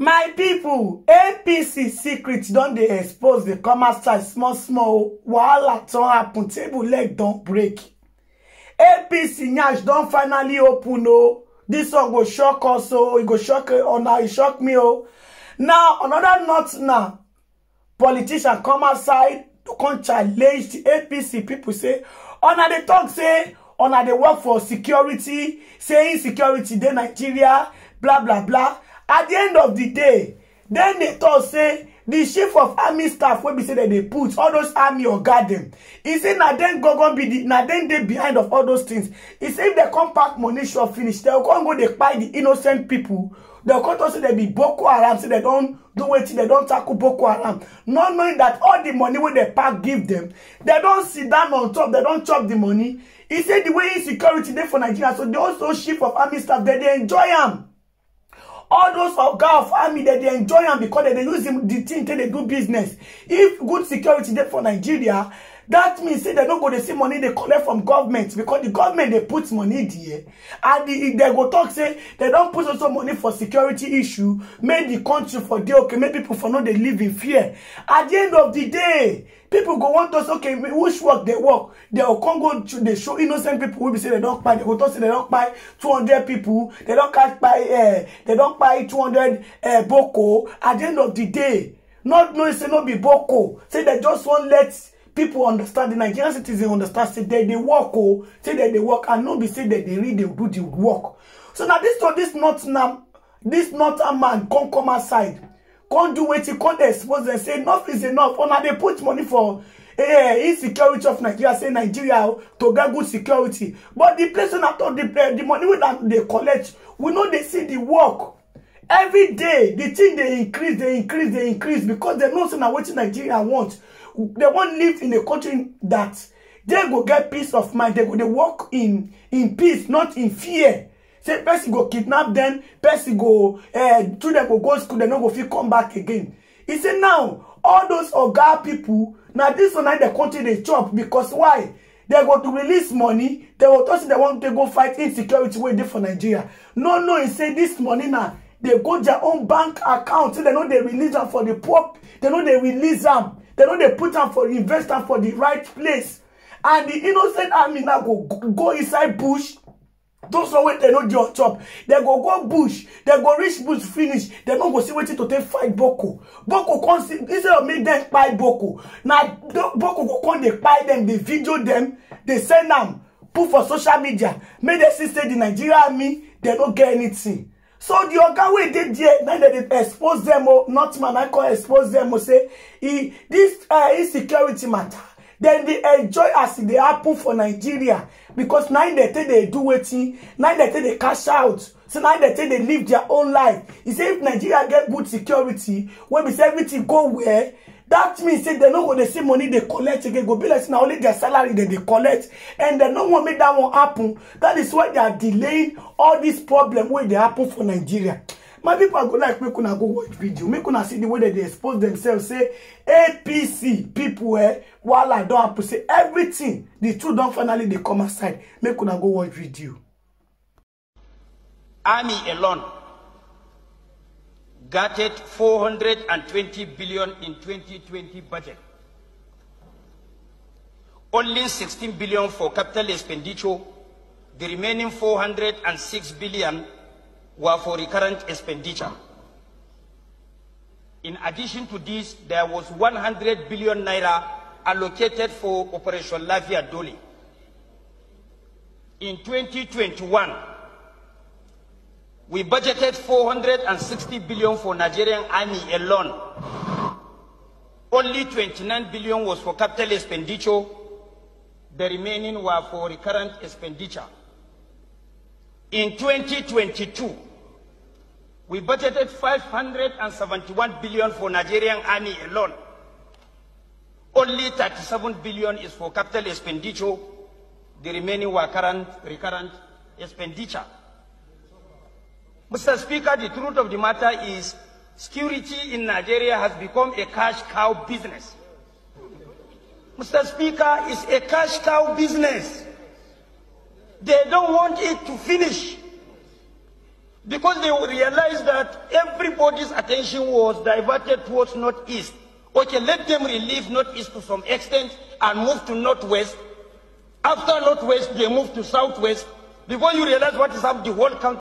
my people, apc secret don't they expose dey come outside small small wahala don happen table leg don't break apc nyash don't finally open o this one go shock us o it e go shock una It e shock me Oh, now another not now politician come outside to come challenge the apc people. say una dey tok say una dey work for security saying security they nigeria Blah blah blah at the end of the day then they tok say the chief of army staff wey be say dem dey put all those army oga dem e say na dem dey behind of all those things e say if dem come pack money shop finish dem go go dey kpai the innocent pipo dem come tok say dem be boko haram say dem don do wetin dem don tackle boko haram not knowing that all the money wey dem pack give dem dem don sit down on top dem don chop the money e say the way insecurity dey for nigeria so those those chief of army staff dem dey enjoy am all those God of army that they enjoy and because they dey use the thing take dey do business if good security there for nigeria that means say they don't go dey see money they collect from government because the government they put money there and the they go talk say they don't put also money for security issue make the country for dey okay make people for not they live in fear at the end of the day people go want us okay which work they work they go come go to dey show innocent people will be say they don't buy. they go talk say they don't buy two hundred people they don't catch kpai uh, they don't buy two hundred uh, boko at the end of the day not knowing say not be boko say they just won't let people understand the nigerian citizen understand say dem dey work oh, say that they work and no be say that they read they do the work so now this one this not now this not a man come come aside, can't do wetin come dey expose and say enough is enough una oh, they put money for eh, insecurity of nigeria say nigeria to get good security but the place wey na talk the uh, the money wey na dey collect we know they see the work every day the thing they increase they increase they increase because dem know say na nigeria want they wan live in a country that they go get peace of mind they go dey work in in peace not in fear say person go kidnap them person go uh, them go go school they no go feel come back again he say now all those oga people Now this one na the country they chop because why they go to release money they go talk they wan take go fight insecurity wey dey for nigeria no no. He say this money now they go their own bank account say so they no dey release them for the poor they know they release them. They don't they put them for invest them for the right place. And the innocent army now go go inside bush. Those are what they know your top. They go go bush. They go reach bush finish. They don't go see waiting to take fight Boko. Boko can't see instead of make them buy Boko. Now Boko go come they buy them, they video them, they send them put for social media. Make them see say the Nigerian army, they don't get anything so the oga wey dey there na dem dey expose dem o not man i call expose dem o say e dis eh, insecurity matter dem dey enjoy as e dey happen for nigeria because na im dey take dey do wetin na im dey take dey cash out so na im dey take dey live their own life e say if nigeria get good security wey be say everything go well that means say they no go they see money they collect again go be like say only their salary dem dey collect and they no wan make that one happen that is why they are delaying all this problem where they happen for nigeria my people go like make una go watch video make una see the way that they expose themselves say apc people eh wahala don happen say everything the two don't finally they come aside. make una go watch video. army alone gutted 420 billion in 2020 budget. Only 16 billion for capital expenditure, the remaining 406 billion were for recurrent expenditure. In addition to this, there was 100 billion naira allocated for Operation Lavia Doli. In 2021, we budgeted 460 billion for Nigerian army alone. Only 29 billion was for capital expenditure. The remaining were for recurrent expenditure. In 2022, we budgeted 571 billion for Nigerian army alone. Only 37 billion is for capital expenditure. The remaining were current, recurrent expenditure. Mr. Speaker, the truth of the matter is security in Nigeria has become a cash cow business. Mr. Speaker, it's a cash cow business. They don't want it to finish because they realize that everybody's attention was diverted towards northeast. Okay, let them relieve northeast to some extent and move to northwest. After northwest, they move to southwest. Before you realize what is up, the whole country.